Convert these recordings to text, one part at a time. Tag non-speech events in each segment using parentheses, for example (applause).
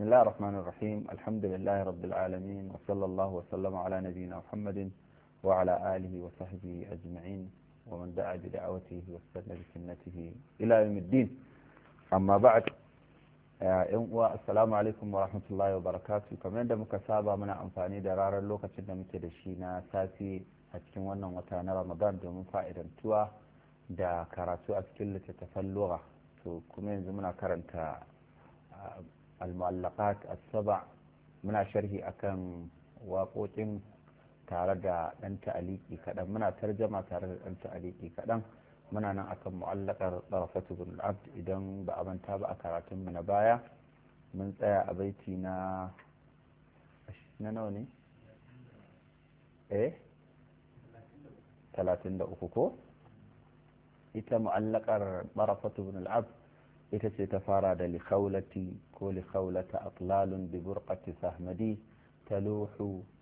بسم الله الرحمن الرحيم الحمد لله رب العالمين وصلى الله وسلم على نبينا محمد وعلى آله وصحبه أجمعين ومن دعا بدعوته واستنى بسنته إلى يوم الدين أما بعد assalamu alaikum wa rahmatullahi wa barakatu kamar da muka saba muna amfani da rarar lokacin da muke da shi na safe a cikin wannan wata na ramadan domin fa'idantuwa da karatu a cikin littattafan lura to kuma yanzu muna karanta al-mu'allaqat saba muna sharhi akan waƙoƙin tare da ɗan ta'aliki kaɗan muna tarjama tare da ɗan ta'aliki kaɗan muna nan akan mu'allaqar tsarafatu bin abd idan ba a manta ba a karatunmu na baya mun tsaya a baiti na na nawa ne talatin da uku ko ita mu'allaqar tsarafatu bin abd ita ce ta fara da likaulati كل خولة أطلال ببرقة سهمدي تلوح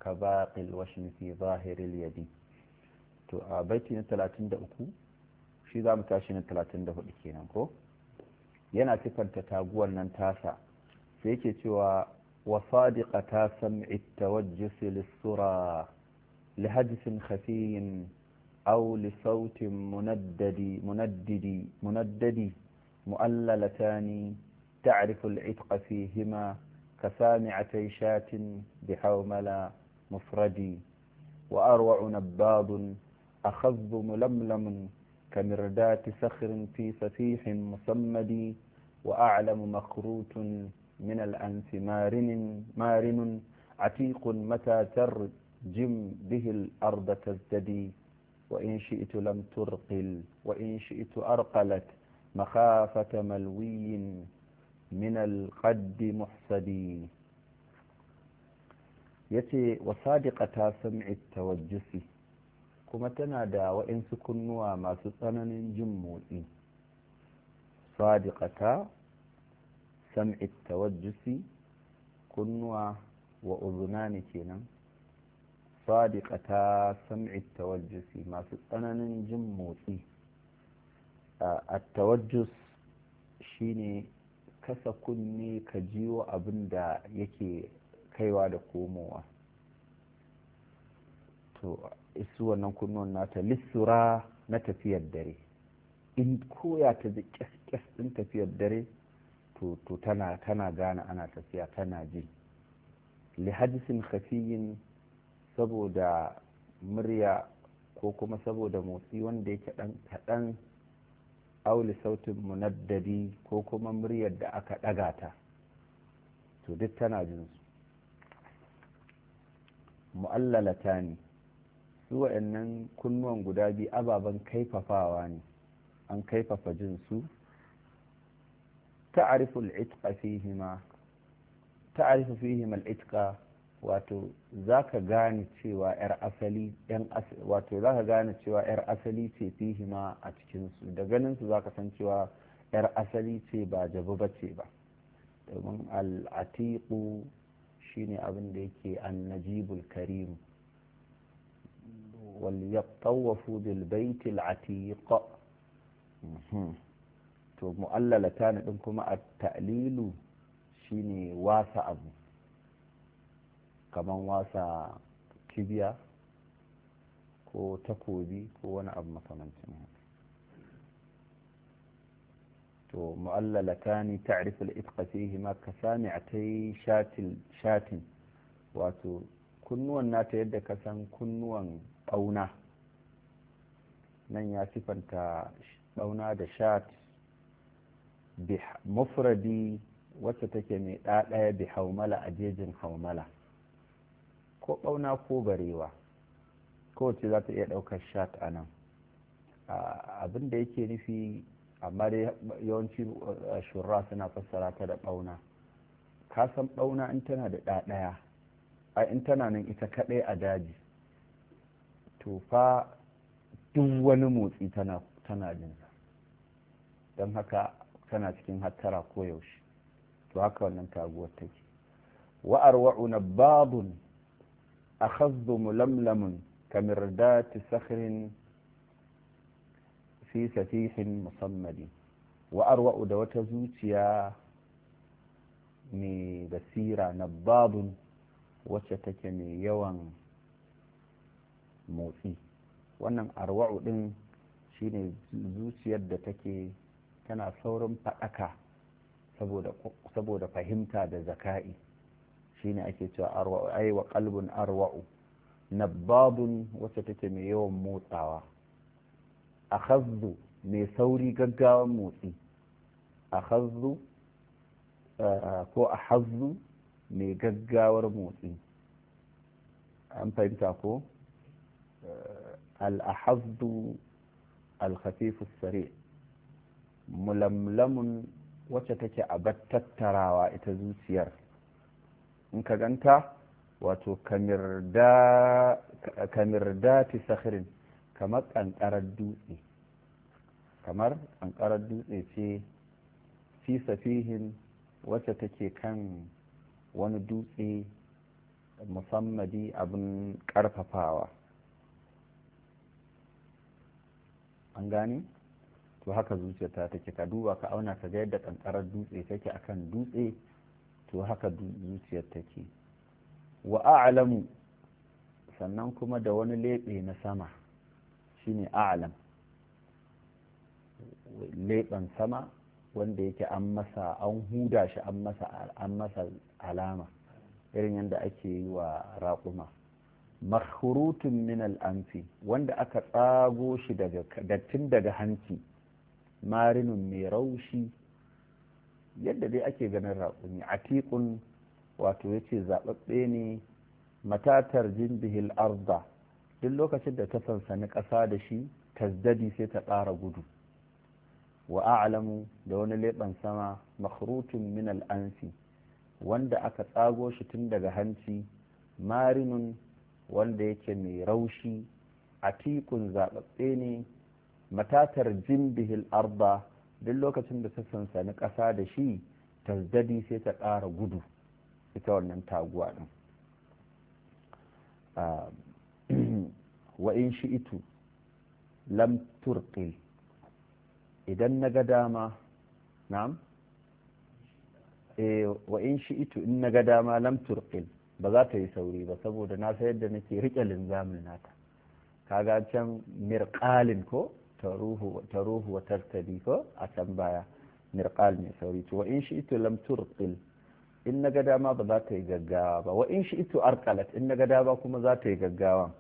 كباقي الوشم في ظاهر اليد تعابيتي نتلاتين دأكو شي ذا متاشي نتلاتين دأكو لكي نمكو ينا كفا تتاقوى ننتاسا سيكي توا وصادق تاسمع التوجس للسرى لهجس خفين أو لصوت منددي منددي منددي مؤللتان تعرف العتق فيهما كسامع شاة بحوملا مفردي وأروع نباض أخذ ململم كمردات صخر في سفيح مسمد وأعلم مخروط من الأنف مارن, مارن عتيق متى ترجم به الأرض تزددي وإن شئت لم ترقل وإن شئت أرقلت مخافة ملوي من القد محسدين يتي وصادقة سمع التوجس كما تنادى وإن سكنوا ما سطنن جمولين صادقة سمع التوجس كنوا وأذنان كنا صادقة سمع التوجس ما سطنن جمولين آه، التوجس شيني kasa kunne ka jiwo abin da yake kaiwa da komowa to isu wannan na nata lissura na tafiyar dare in koya ta ji kyas din tafiyar dare to tana tana gane ana tafiya tana ji li hadisin khafiyin saboda murya ko kuma saboda motsi wanda yake ɗan kaɗan auli sautin munaddadi ko kuma muryar da aka ɗaga ta to duk tana jin su mu'allalata ne su waɗannan kunnuwan guda biyu ababen kaifafawa ne an kaifafa jin su ta'arifu al'itqa fihima fihima wato za ka gane cewa 'yar asali wato za ka gane cewa 'yar asali ce a cikinsu da ganinsu za ka san cewa 'yar asali ce ba jabu ba ce ba domin al'atiku shi ne abin da yake annajibul karim walyattawafu bil baiti al'atiqa mhm. to mu'allalata tana ɗin kuma a talilu shine wasa abu kamar wasa kibiya ko takobi ko wani abu makamancin to ni ta'rifu al-itqa hima ka sami'atai shatil shatin wato kunnuwan nata yadda ka san kunnuwan bauna nan ya sifanta bauna da shat mufradi wacce take mai ɗaɗaya bi haumala a jejin haumala ko ɓauna ko barewa kowace za ta iya ɗaukar shat a nan abin da yake nufi amma dai yawanci shura suna fassara ta da ɓauna ka san ɓauna in tana da ɗaɗaya a in tana nan ita kaɗai a daji to fa duk wani motsi tana jin jinsa don haka tana cikin hattara ko yaushe to haka wannan taguwar take wa na babun a أخذ ململم كمردات صخر في سفيح مصمد وأروأ دوت زوتيا mai basira na babun wacce take mai yawan motsi wannan arwa'u din shine zuciyar da take tana saurin faɗaka saboda fahimta da zaka'i shine ake cewa arwa'u ai wa qalbun arwa'u babun wacce take mai yawan motsawa akhazzu mai sauri gaggawan motsi akhazzu eh, ko ahazzu mai gaggawar motsi an fahimta ko eh, al-ahazzu al-khafifu sari mulamlamun wacce take a tattarawa ita zuciyar in ka ganta wato kamirda ti sakhirin kamar ƙanƙarar dutse kamar ƙanƙarar dutse ce fi safihin wacce take kan wani dutse musammadi abin ƙarfafawa an gani to haka zuciyarta take ka duba ka auna ka ga yadda ƙanƙarar dutse take akan dutse to haka zuciyar take wa a'lamu sannan kuma da wani leɓe na sama shine a'lam leɓen sama wanda yake an masa an huda shi an masa an masa alama irin yadda ake yi wa raƙuma makhurutun min al'amfi wanda aka tsago shi daga dattin daga hanci marinun mai raushi yadda dai ake ganin raƙumi atiqun wato yace zaɓaɓɓe ne matatar jimbihil arda duk lokacin da ta sansani ƙasa da shi tazdadi sai ta ƙara gudu wa a'lamu da wani leɓen sama makhrutun min al'ansi wanda aka tsago shi tun daga hanci marinun wanda yake mai raushi a zaɓaɓɓe ne matatar jimbihil arba duk lokacin da ta sansani ƙasa da shi tazdadi sai ta ƙara gudu ita wannan taguwa ɗin (clears throat) wa in shi itu lam turqi idan na ga dama na'am eh, wa in shi itu in na ga dama lam ba za ta yi sauri ba saboda na sayar da nake riƙe linzamin nata kaga can mirƙalin ko ruhu wa tartabi ko a can baya mirqal mai sauri to wa in shi'tu lam turqil in ga dama ba za ta yi gaggawa ba wa in ito arqalat in ga dama kuma za ta yi gaggawa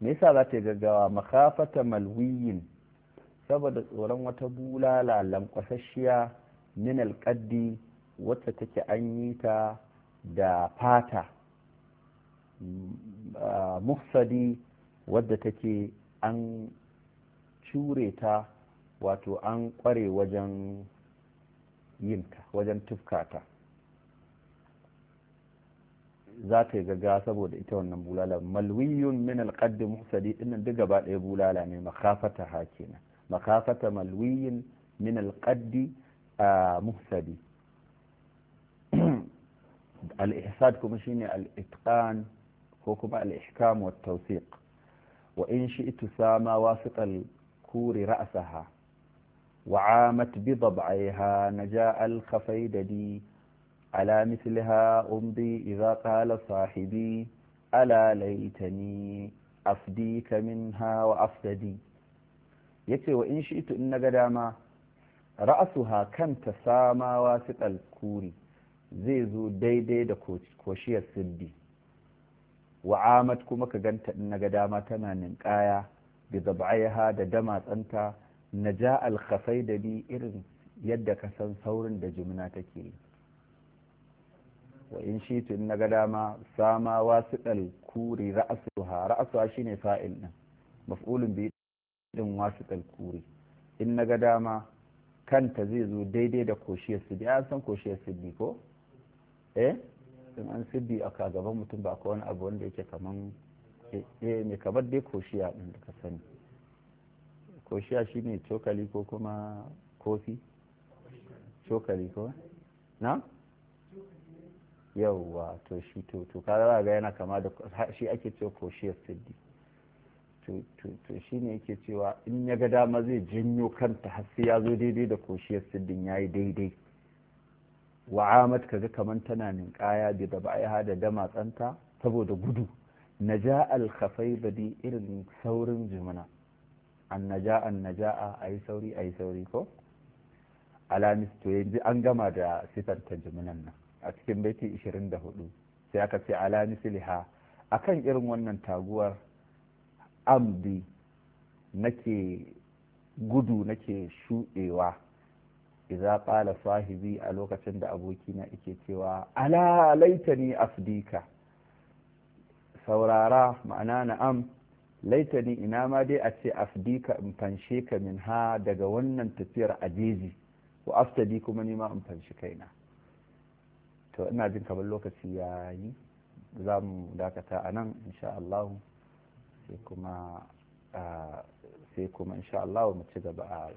me yasa za ta yi gaggawa makhafata malwiyin saboda tsoron wata bulala lankwasashiya min alqaddi wacce take an yi ta da fata mufsadi wadda take an cure ta wato an kware wajen yinta wajen tufkata za ta yi gaggawa saboda ita wannan bulala malwiyun min alƙaddi muhsadi dinnan duk gaba ɗaya bulala ne makafata ha kenan makafata malwiyin min alƙaddi musadi. (clears throat) al-ihsad kuma shine al-itqan ko kuma al-ihkam wa wa in shi'tu sama wasiqal الصخور رأسها وعامت بضبعيها نجاء الخفيددي على مثلها أمضي إذا قال صاحبي ألا ليتني أفديك منها وأفسدي yace wa in shi'tu in naga dama ra'asuha kanta samawa su kuri zai zo daidai da koshiyar siddi wa'amat kuma ka ganta in ga dama tana ninƙaya? bi zab'aiha da damatsanta na ja alkhafai da ni irin yadda ka san saurin da jimina take yi wa in shi tun na ga dama sama kuri ɗalkuri ra'asuha ra'asuha ne fa'il ɗin maf'ulun bi ɗin wasu kuri. in na ga dama kanta zai zo daidai da koshiyar sidi an san koshiyar ko eh in an siddi a gaban mutum ba ko wani abu wanda yake kaman Eh, eh, mai kamar dai koshiya din da ka sani koshiya shine cokali ko kuma kofi cokali ko na yawwa to shi to to kaga ga yana kama da shi ake cewa koshiyar siddi to shi ne yake cewa in ya ga dama zai janyo kanta har sai ya zo daidai da koshiyar siddin ya yi daidai wa'amat ga kaman tana ninkaya bi da ba'iha da matsanta saboda gudu naja alkhafai badi irin saurin jimina an naja an naja'a a yi sauri a yi sauri ko alamis to yanzu an gama da sifanta jiminan nan a cikin baiti 24 sai aka ce alamis liha kan irin wannan taguwar amdi nake gudu nake shuɗewa iza ƙala sahibi a lokacin da abokina ike cewa ala laitani afdika saurara ma'ana na'am laitani ina ma dai a ce afdika in fanshe ka min ha daga wannan tafiyar ajeji wa aftadi kuma nima in fanshi kaina to ina jin kamar lokaci ya yi za mu dakata a nan insha Allah sai kuma sai kuma insha Allah mu ci gaba a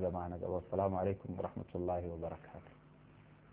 zama na gaba assalamu alaikum wa rahmatullahi wa barakatuh